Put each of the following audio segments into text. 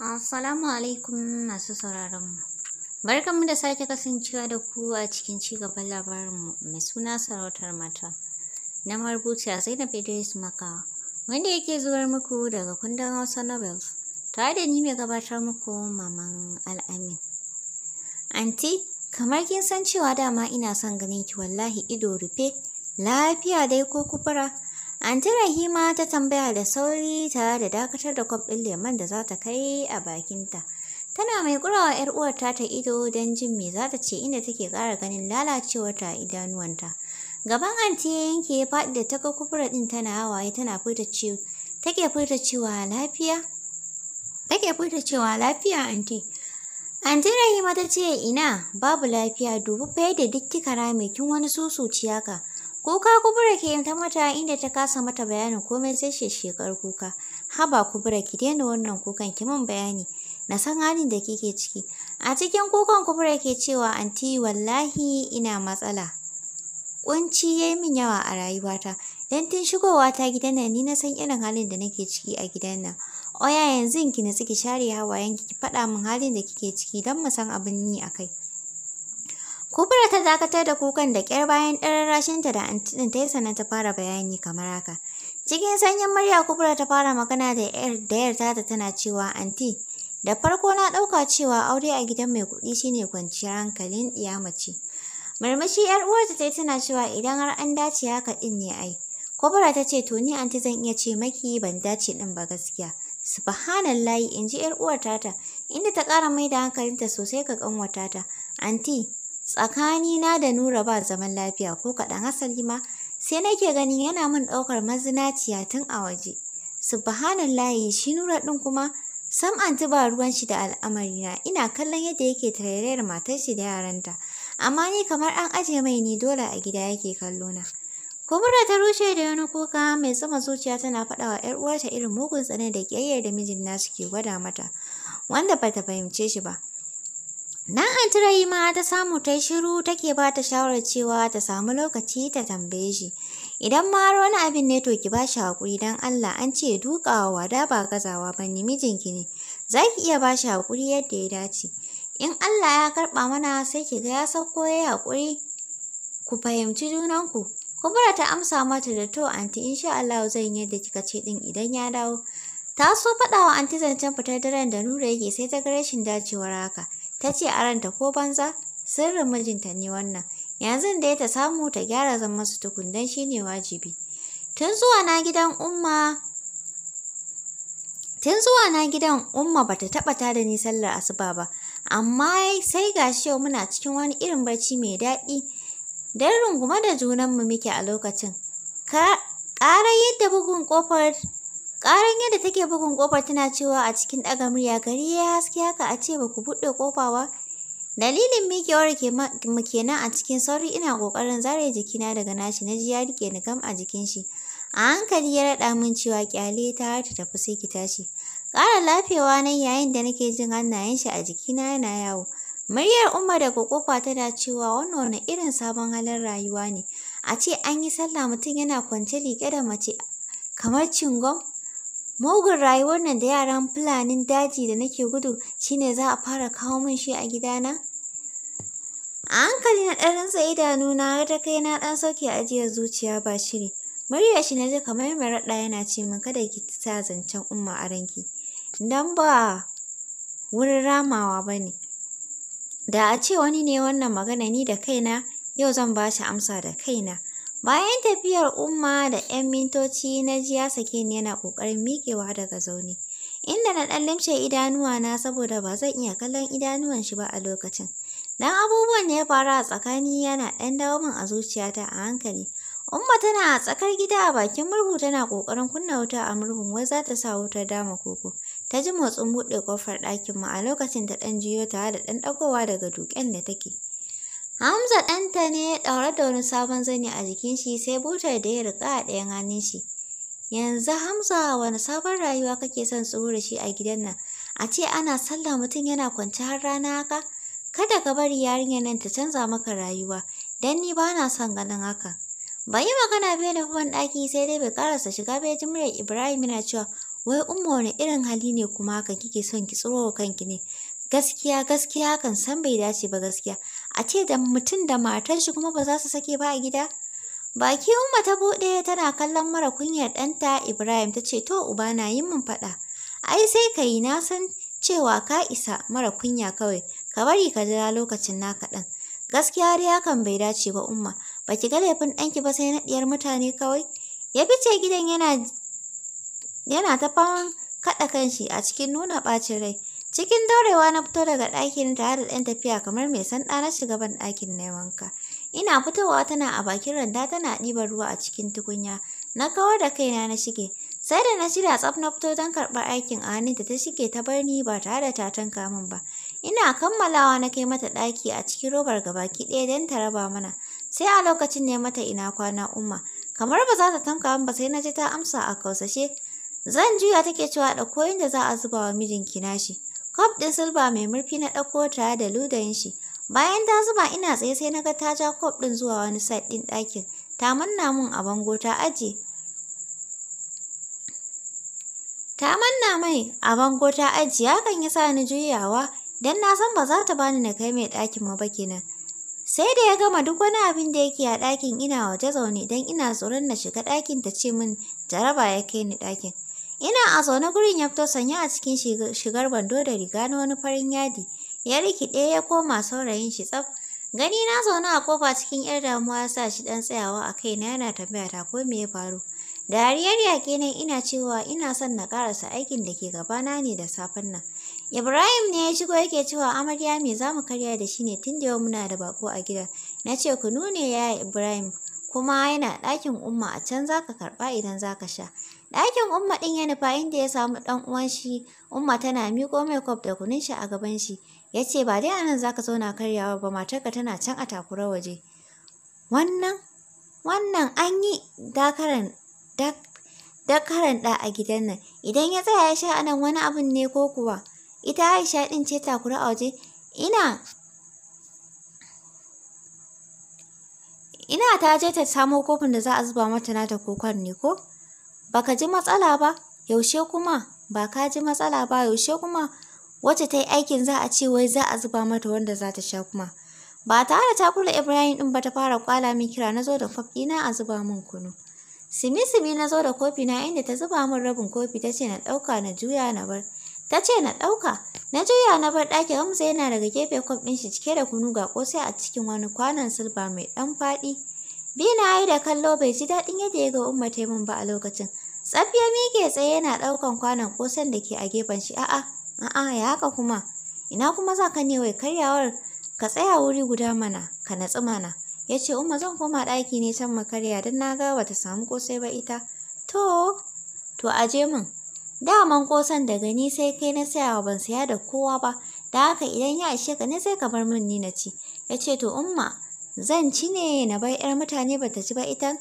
Assalamu alaikum masu sauraronmu. Barkanmu da sake kasancewa da ku a cikin ci gaban cigaban labarinmu mai suna sarautar mata. Na marubuciya Zainab Idris maka. wanda yake zuwar muku daga kundin Hausa Novels, tare da ni mai gabatar muku Maman Al'amin. Anti, kamar kin san cewa dama ina son ganin ki wallahi ido rufe, lafiya dai ko kubura. Anti Rahima ta tambaya da sauri tare da dakatar da kwaf ɗin lemon da za ta kai a bakinta. Tana mai kurawa 'yar uwar ta ta ido don jin me za ta ce inda take ƙara ganin lalacewar ta idanuwanta. Gaban anti ya yanke ya faɗi da ta ga kufura ɗin tana hawaye tana furta ciwo. Take furta cewa lafiya? Take furta cewa lafiya anti. Anti Rahima ta ce ina babu lafiya dubu fa da duk kika kin wani susuciya ka. Kuka kubura ke yin ta mata inda ta kasa mata bayanin komai sai shekar kuka. Haba kubura ki daina wannan kukan ki min bayani. Na san halin da kike ciki. A cikin kukan kubura ke cewa anti wallahi ina matsala. Kunci ya min yawa a rayuwata. Dan tun shigowa ta gidan nan ni na san irin halin da nake ciki a gidan nan. Oya yanzu ki nutsi ki share hawayen ki faɗa min halin da kike ciki dan mu san abin ni a kai. Kubura ta dakatar da kukan da ƙyar bayan rashinta da antin ta yi sannan ta fara bayani kamar haka. Cikin sanyin murya Kubura ta fara magana da ‘yar da ‘yar tata tana cewa anti, da farko na ɗauka cewa aure a gidan mai kuɗi shine kwanciyar hankalin ɗiya mace. Murmushi ‘yar uwarta ta yi tana cewa idan har an dace haka ɗin ne ai. Kubura ta ce to ni anti zan iya ce maki ban dace ɗin ba gaskiya. Subhanallahi in ji ‘yar uwar tata, inda ta ƙara mai da hankalinta sosai ga ƙanwar tata. Anti, Tsakanina da Nura ba zaman lafiya ko kaɗan hasali ma, sai nake ganin yana min ɗaukar mazinaciya tun a waje. Subhanallahi shi Nura ɗin kuma sam anti ba ruwan shi da al'amarina ina kallon yadda yake tarairayar matar shi da yaranta. Amma ni kamar an aje mai ni dole a gida yake kallo na. Kubura ta rushe da wani kuka mai sama zuciya tana faɗawa wa ‘yar uwarta irin mugun tsane da ƙiyayyar da mijin nasu ke gwada mata, wanda bata fahimce shi ba. Nan Antirai ma ta samu ta yi shiru take ba ta shawarar cewa ta samu lokaci ta tambaye shi. Idan ma har wani abin ne to ki ba shi haƙuri don Allah an ce dukawa wada ba gazawa ba ne mijinki ne. Za ki iya ba shi haƙuri yadda ya dace. In Allah ya karɓa mana sai ki ga ya sauko ya haƙuri ku fahimci junanku. Kubura ta amsa mata da to anti insha Allah zan yadda kika ce din idan ya dawo. Ta so faɗa wa anti zancen fitar daren da Nura yake sai ta ga rashin dacewar haka. ta ce a ranta ko banza sirrin mijinta ne wannan yanzu da ta samu ta gyara zama su tukun don shi ne wajibi tun zuwa na gidan umma Tun zuwa na gidan Umma bata taɓa tada ni sallar asuba ba, amma sai gashi yau muna cikin wani irin barci mai daɗi. Don rungume da junanmu muke a lokacin. Ƙara yadda bugun ƙofar Ƙaran yadda take bugun ƙofar tana cewa a cikin ɗaga murya gari ya haske haka a ce ba ku buɗe ƙofa ba. Dalilin miƙewar mu kenan a cikin sauri ina ƙoƙarin zare jikina daga nashi na ji ya rike ni gam a jikin shi. A hankali ya raɗa min cewa ƙyale ta har ta tafi sai ki tashi. Ƙara lafewa nan yayin da nake jin hannayen shi a jikina yana yawo. Muryar Umma daga ƙofa tana cewa wannan wani irin sabon halin rayuwa ne. A ce an yi sallah mutum yana kwance liƙe da mace kamar cingom. Mugun rayuwar nan da yaran Fulanin daji da nake gudu shine za a fara kawo min shi a gidana? A hankali na ɗan da idanuna har ta kai na ɗan sauke ajiyar zuciya ba shiri. Muryar shi na ji kamar mai raɗa yana ce min kada ki ta zancen umma a ranki. Dan ba wurin ramawa ba ne. Da a ce wani ne wannan magana ni da kaina yau zan ba shi amsa da kaina. Bayan tafiyar Umma da 'yan mintoci na jiya sake ni yana ƙoƙarin miƙewa daga zaune, inda na ɗan limshe na saboda ba zan iya kallon idanuwan shi ba a lokacin. Dan abubuwan da ya faru a tsakani yana ɗan dawo min a zuciyata a hankali. Umma tana a tsakar gida a bakin murhu tana ƙoƙarin kunna wuta a murhun wai za ta sa wutar dama koko. Ta ji motsin buɗe ƙofar ɗakin mu a lokacin ta ɗan jiyo tare da ɗan ɗagowa daga duken da take. Hamza ɗanta ne ya ɗaure da wani sabon zani a jikin shi sai butar da ya riƙa a ɗayan hannun shi. Yanzu Hamza wani sabon rayuwa kake son tsoro da shi a gidan nan? A ce ana sallah mutum yana kwance har rana haka? Kada ka bari yarinyar nan ta canza maka rayuwa, Dan ni ba na son ganin haka. Bai yi magana bai nufi ban ɗaki sai dai bai ƙarasa shiga bai ji Ibrahim yana cewa wai umma wani irin hali ne kuma haka kike son ki tsoro kanki ne. Gaskiya gaskiya kan san bai dace ba gaskiya. a ce da mutum da matar shi kuma ba za su sake ba a gida baki umma ta buɗe tana kallon mara kunyar ɗanta ibrahim ta ce to uba na yi min faɗa ai sai ka yi na san cewa ka isa mara kunya kawai ka bari ka jira lokacin naka dan gaskiya dai hakan bai dace ba umma baki ga laifin ɗanki ba sai na ɗiyar mutane kawai ya fice gidan yana yana ta fawon kaɗa kanshi a cikin nuna bacin rai Cikin daurewa na fito daga ɗakin tare da ɗan tafiya kamar mai sanda na shiga ban ɗakin na wanka. Ina fitowa tana a bakin randa tana ɗiban ruwa a cikin tukunya. Na kawar da kaina na shige. Sai da na shirya tsaf na fito don karɓar aikin a hannunta ta shige ta bar ni ba tare da ta tanka min ba. Ina kammalawa na kai mata ɗaki a cikin robar gabaki ɗaya don ta raba mana. Sai a lokacin ne mata ina kwana umma. Kamar ba za ta tanka min ba sai na ji ta amsa a kausashe. Zan juya take cewa da koyin da za a zuba wa mijinki nashi. Kwaf ɗin silba mai murfi na ɗauko tare da ludayin shi. Bayan ta zuba ina tsaye sai na ga ta ja kwaf ɗin zuwa wani side ɗin ɗakin. Ta manna mun a bango ta aje. Ta manna mai a bango ta ajiye hakan ya sa ni juyawa don na san ba za ta bani na kai mai ɗakin mu ba kenan. Sai da ya gama duk wani abin da yake a ɗakin ina waje zaune don ina tsoron na shiga ɗakin ta ce min jaraba ya kai ni ɗakin. Ina a zaune gurin ya fito sanya a cikin shigar wando da riga na wani farin yadi. Ya rikide ya koma saurayin shi tsaf. Gani na zaune a kofa cikin yar damuwa ya sa shi dan tsayawa a kaina yana tambaya ta ko me ya faru. Dariyar yake ne ina cewa ina son na karasa aikin da ke gabana ne da safen nan. Ibrahim ne ya shigo yake cewa amarya me za mu karya da shi ne tun da yau muna da bako a gida. Na ce kunu ne ya Ibrahim kuma yana ɗakin umma a can za ka karɓa idan za ka sha. Ɗakin Umma ɗin ya nufa inda ya samu ɗan uwan shi, Umma tana miƙo mai kwaf da kunun shi a gaban shi. Ya ce ba dai anan zaka zauna karyawa ba matar ka tana can a takura waje. Wannan wannan an yi dakaran dakaran ɗa a gidan nan. Idan ya tsaya ya sha anan wani abun ne ko kuwa? Ita Aisha ɗin ce takura a waje. Ina ina ta je ta samo kofin da za a zuba mata nata kokon ne ko? baka ji matsala ba yaushe kuma ba ka ji matsala ba yaushe kuma wacce ta yi aikin za a ce wai za a zuba mata wanda za ta sha kuma ba tare ta kula ibrahim din ba ta fara kwala min kira na zo da kwaf ɗina a zuba min kunu simi simi na zo da kofi na inda ta zuba min rabin kofi ta ce na ɗauka na juya na bar ta ce na ɗauka na juya na bar ɗakin Amsa yana daga gefe kwaf ɗin shi cike da kunu ga ƙosai a cikin wani kwanon silba mai ɗan faɗi na yi da kallo bai ji daɗin yadda ya ga umma ta min ba a lokacin Safiya mike tsaye yana ɗaukan kwanon kosan da ke a gefen shi. A'a, a'a ya haka kuma. Ina kuma za ka ne wai karyawar ka tsaya wuri guda mana ka natsu mana. Ya ce Umma zan koma ɗaki ne can mu karya don na ga bata samu kosai ba ita. To, to aje min. Daman kosan daga ni sai kai na saya wa ban saya da kowa ba. Da haka idan ya ishe ka ne sai ka bar min ni na ci. Ya ce to Umma zan ci ne na bai 'yar mutane bata ci ba ita.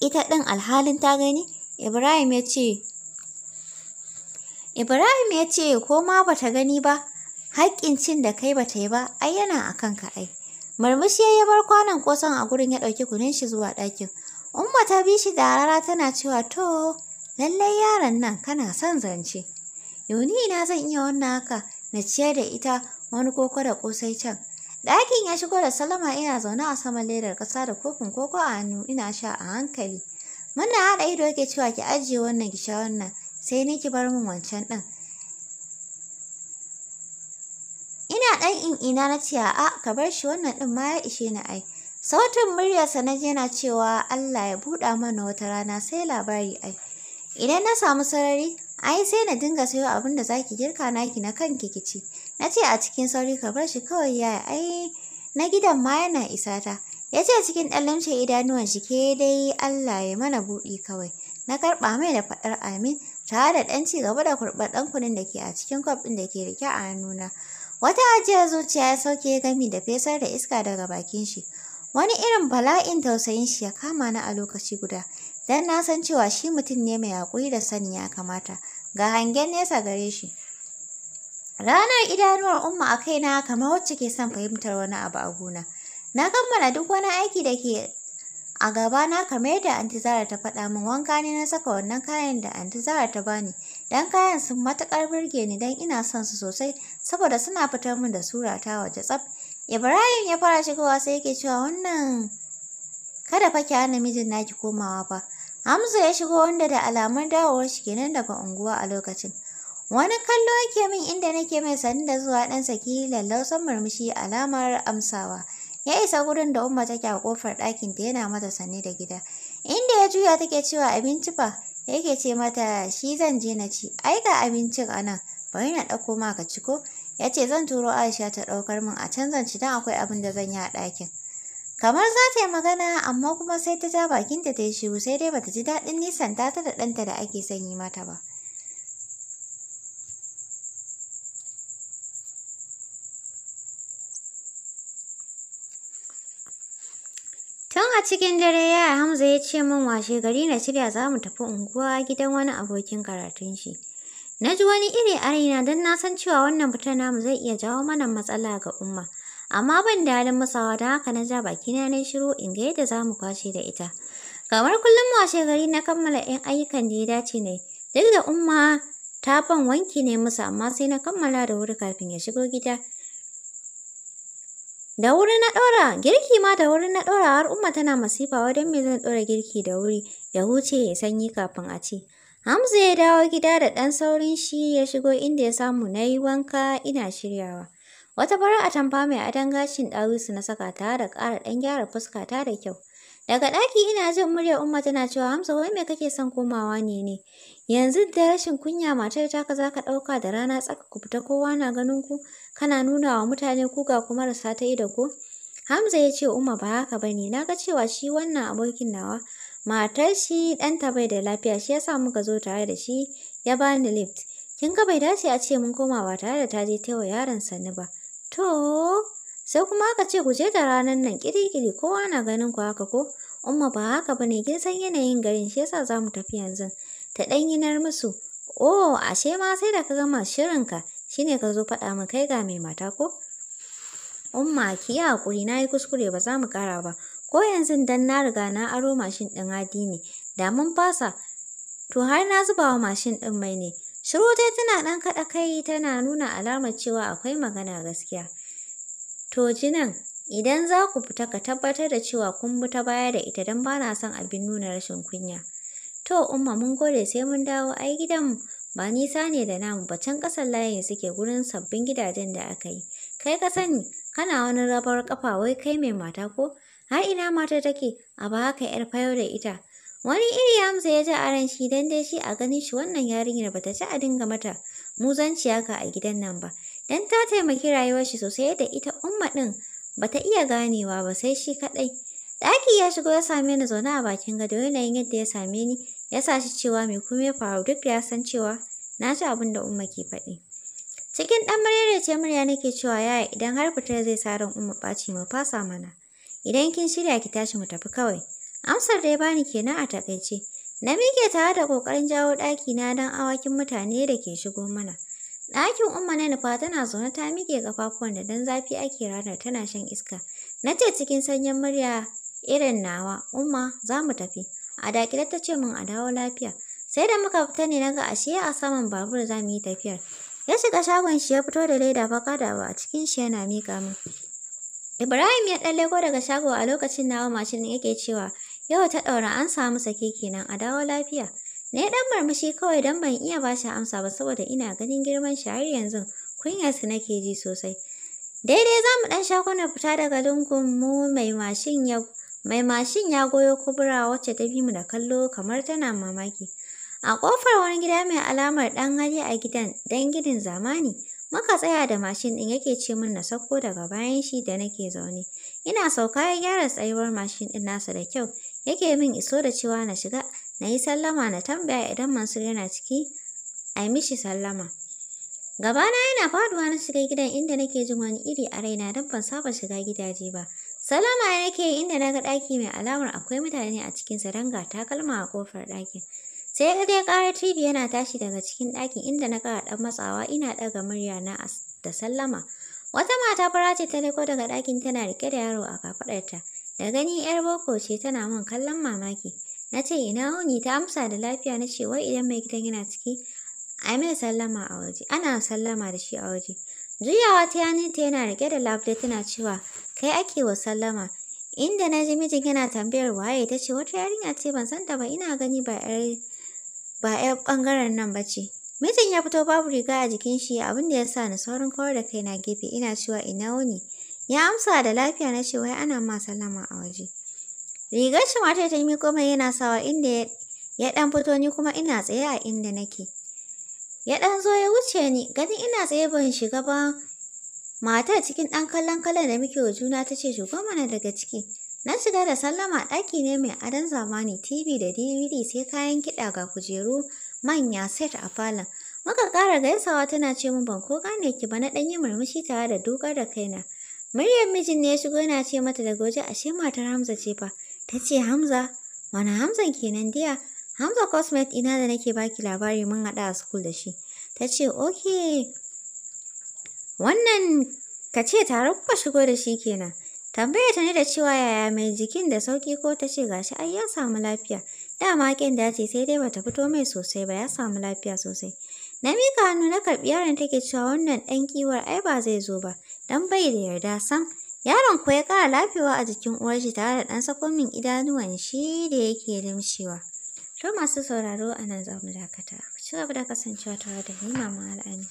Ita ɗin alhalin ta gani. Ibrahim ya ce, Ibrahim ya ce, ko ma ba ta gani ba, haƙƙin cin da kai ba ta yi ba, ai yana a kanka ai. Marmushi ya bar kwanon kosan a gurin ya ɗauki kunin shi zuwa ɗakin. Umma ta bi shi da rara tana cewa to, lallai yaron nan kana son zance. Yoni ina zan iya wannan haka na ciyar da ita wani koko da ƙosai can. Ɗakin ya shigo da Salama ina zaune a saman ledar ƙasa da kofin koko a hannu ina sha a hankali. Muna haɗa ido yake cewa ki ajiye wannan ki sha wannan sai ni ki bar min wancan ɗin. Ina ɗan in ina na ce a'a ka bar shi wannan ɗin ma ya ishe ni ai. Sautin muryarsa na ji yana cewa Allah ya buɗa mana wata rana sai labari ai. Idan na samu sarari ai sai na dinga sayo abin da zaki girka naki na kanki kici. Na ce a cikin sauri ka bar shi kawai yaya ai na gidan ma yana isa ta. Ya ce cikin ɗan idanuwan shi ke dai Allah ya mana buɗi kawai. Na karɓa mai da faɗar amin tare da ɗan ci gaba da kurɓar ɗan kunin da ke a cikin kwaf ɗin da ke rike a hannuna. Wata ajiyar zuciya ya sauke gami da fesar da iska daga bakin shi. Wani irin bala'in tausayin shi ya kama na a lokaci guda. Dan na san cewa shi mutum ne mai haƙuri da sani ya kamata. Ga hangen nesa gare shi. Ranar idanuwar umma a kaina kamar wacce ke son fahimtar wani abu a gona. Na kammala duk wani aiki da ke a gaba na kamar yadda anti Zara ta faɗa min wanka ne na saka wannan kayan da Antizara Zara ta bani. Dan kayan sun matuƙar burge ni dan ina son su sosai saboda suna fitar min da sura ta waje tsaf. Ibrahim ya fara shigowa sai yake cewa wannan kada fa ki hana mijin naki komawa fa. Hamza ya shigo wanda da alamun dawowar shi kenan daga unguwa a lokacin. Wani kallo yake min inda nake mai sanin da zuwa ɗansa kila lallausan murmushi alamar amsawa. Ya isa gurin da Umma take a kofar ɗakinta yana mata sanne da gida. Inda ya juya take cewa abinci fa yake ce mata shi zan je na ci. Ai ga abincin a nan bari na ɗauko ma ka ci ko. Ya ce zan turo Aisha ta ɗaukar min a can zan ci don akwai abin da zan yi a ɗakin. Kamar za ta yi magana amma kuma sai ta ja bakinta ta yi shiru sai dai bata ji daɗin nisan ta da ɗanta da ake son yi mata ba. Tun a cikin dare yaya Hamza ya ce min washe gari na shirya za mu tafi unguwa gidan wani abokin karatun shi. Na ji wani iri a raina don na san cewa wannan fitar namu zai iya jawo mana matsala ga umma. Amma ban da halin musawa don haka na ja baki na shiru in ga yadda za mu kwashe da ita. Kamar kullum washe gari na kammala 'yan ayyukan da ya dace ne, Duk da umma ta ban wanki ne musu amma sai na kammala da wuri kafin ya shigo gida. Da wuri na ɗora, girki ma da wuri na ɗora har umma tana masifa wajen me zan ɗora girki da wuri ya huce ya sanyi kafin a ci. Hamza ya dawo gida da ɗan saurin shi ya shigo inda ya samu na yi wanka ina shiryawa. Wata a tamfa mai adon gashin ɗawisu na saka ta da ƙara ɗan gyara fuska ta da kyau. Daga ɗaki ina jin murya Umma tana cewa Hamza wai me kake son komawa ne ne? Yanzu da rashin kunya matar ta ka za ka ɗauka da rana tsaka ku fita kowa na ganin ku kana nuna wa mutane kuka kuma marasa ta ido ko? Hamza ya ce Umma ba haka ba ne, na ga cewa shi wannan abokin nawa matar shi ɗanta bai da lafiya shi yasa muka zo tare da shi ya bani lift. Kin ga bai dace a ce mun koma ba tare da ta je ta wa yaron sani ba. To, sai kuma aka ce ku je da ranar nan kirikiri kowa na ganin ku haka ko? Umma ba haka ba ne kin san yanayin garin shi yasa za mu tafi yanzu. Ta ɗan yinar musu. Oh, ashe ma sai da ka gama shirinka. shine ka zo faɗa min kai ga mai mata ko umma ki yi hakuri na yi kuskure ba za mu ƙara ba ko yanzu dan na riga na aro mashin ɗin hadi ne da mun fasa to har na zuba wa mashin ɗin mai ne shiru dai tana ɗan kaɗa kai tana nuna alamar cewa akwai magana gaskiya to jinan idan za ku fita ka tabbatar da cewa kun bi ta baya da ita don ba na son abin nuna rashin kunya to umma mun gode sai mun dawo ai gidanmu ba nisa ne da namu ba can ƙasar layin suke gurin sabbin gidajen da aka yi kai ka sani kana wani rabar kafa wai kai mai mata ko har ina mata take a ba haka yar fayo da ita wani iri hamza ya ji a shi dan dai shi a ganin shi wannan yarinyar bata ci a dinga mata muzanciya ka a gidan nan ba dan ta taimaki rayuwar shi sosai da ita umma din bata iya ganewa ba sai shi kadai Ɗaki ya shigo ya same ni zaune a bakin gado yanayin yadda ya same ni ya sa shi cewa mai kuma ya faru duk da ya san cewa na ji abin da Umma ke faɗi. Cikin ɗan ce murya nake cewa yaya idan har fita zai sa ran Umma ɓaci mu fasa mana. Idan kin shirya ki tashi mu tafi kawai. Amsar da ya bani kenan a takaice. Na miƙe tare da ƙoƙarin jawo ɗaki na don awakin mutane da ke shigo mana. Ɗakin Umma na nufa tana zaune ta miƙe ƙafafuwan da dan zafi ake ranar tana shan iska. Na ce cikin sanyin murya irin nawa, Umma za mu tafi. A dakile ta ce min a dawo lafiya. Sai da muka fita ne naga ashe a saman babur za mu yi tafiyar. Ya shiga shagon shi ya fito da leda baka da ba a cikin shi yana miƙa min. Ibrahim ya ɗan leko daga shago a lokacin nawa mashin yake cewa yau ta ɗaura an samu sake kenan a dawo lafiya. Na yi ɗan murmushi kawai don ban iya ba shi amsa ba saboda ina ganin girman shi har yanzu kunyar su nake ji sosai. Daidai za mu ɗan sha kuna fita daga lungun mu mai mashin ya Mai mashin ya goyo kubura wacce ta bi mu da kallo kamar tana mamaki. A kofar wani gida mai alamar ɗan hali a gidan dan gidin zamani, muka tsaya da mashin ɗin yake ce min na sauko daga bayan shi da nake zaune. Ina sauka ya gyara tsayuwar mashin ɗin nasa da kyau, yake min iso da cewa na shiga, na yi sallama na tambaya idan Mansur yana ciki, a mishi sallama. Gabana yana faduwa na shiga gidan inda nake jin wani iri a raina don ban saba shiga gidaje ba. Salama ya nake inda na ga ɗaki mai alamar akwai mutane a cikinsa don takalma a ƙofar ɗakin. Sai ya ga ƙarar TV yana tashi daga cikin ɗakin inda na ƙara ɗan matsawa ina ɗaga murya na da sallama. Wata mata fara ce ta leko daga ɗakin tana rike da yaro a kafaɗarta. Da gani 'yar boko ce tana min kallon mamaki. Na ce ina wuni ta amsa da lafiya na ce wai idan mai gidan yana ciki Ai mai sallama a waje ana sallama da shi a waje. Juyawa ta ta yana rike da labule tana cewa, kai ake wa sallama. Inda na ji mijin yana tambayar waye ta ce wata yarinya ce ban san ta ba ina gani ba yar ba yar bangaren nan ba ce. Mijin ya fito babu riga a jikin shi abin da ya sa ni saurin kawar da kai na gefe ina cewa ina wuni. Ya amsa da lafiya na ce wai ana ma sallama a waje. Rigar shi mata ta yi miko mai yana sawa inda ya dan fito ni kuma ina tsaye a inda nake. Ya ɗan zo ya wuce ni, ganin ina tsaye ban shiga ba. Matar cikin ɗan kallon kallon da muke wa juna ta ce shigo mana daga ciki. Na shiga da sallama ɗaki ne mai adon zamani TV da DVD sai kayan kiɗa ga kujeru manya set a falon. Muka ƙara gaisawa tana ce min ban ko gane ki ba na ɗan yi murmushi tare da dukar da kaina. Muryar mijin ne ya shigo yana ce mata daga waje ashe matar Hamza ce fa. Ta ce Hamza, mana Hamzan kenan diya? Hamza Cosmet ina da nake baki labari mun haɗa a school da shi. Ta ce, "Ok, wannan ka ce tare kuka shigo da shi kenan." Tambaya ta ne da cewa yaya mai jikin da sauki ko ta ce gashi ai ya samu lafiya. Dama ƙin ce sai dai bata fito mai sosai ba ya samu lafiya sosai. Na mika hannu na karɓi yaron take cewa wannan ɗan kiwar ai ba zai zo ba, dan bai da yarda sam. Yaron ko ya ƙara lafiyawa a jikin uwarshi tare da ɗan sako min idanuwan shi da yake limshewa. To masu sauraro a nan za mu dakata. Ku ci gaba da kasancewa tare da ni Mama Al'ani.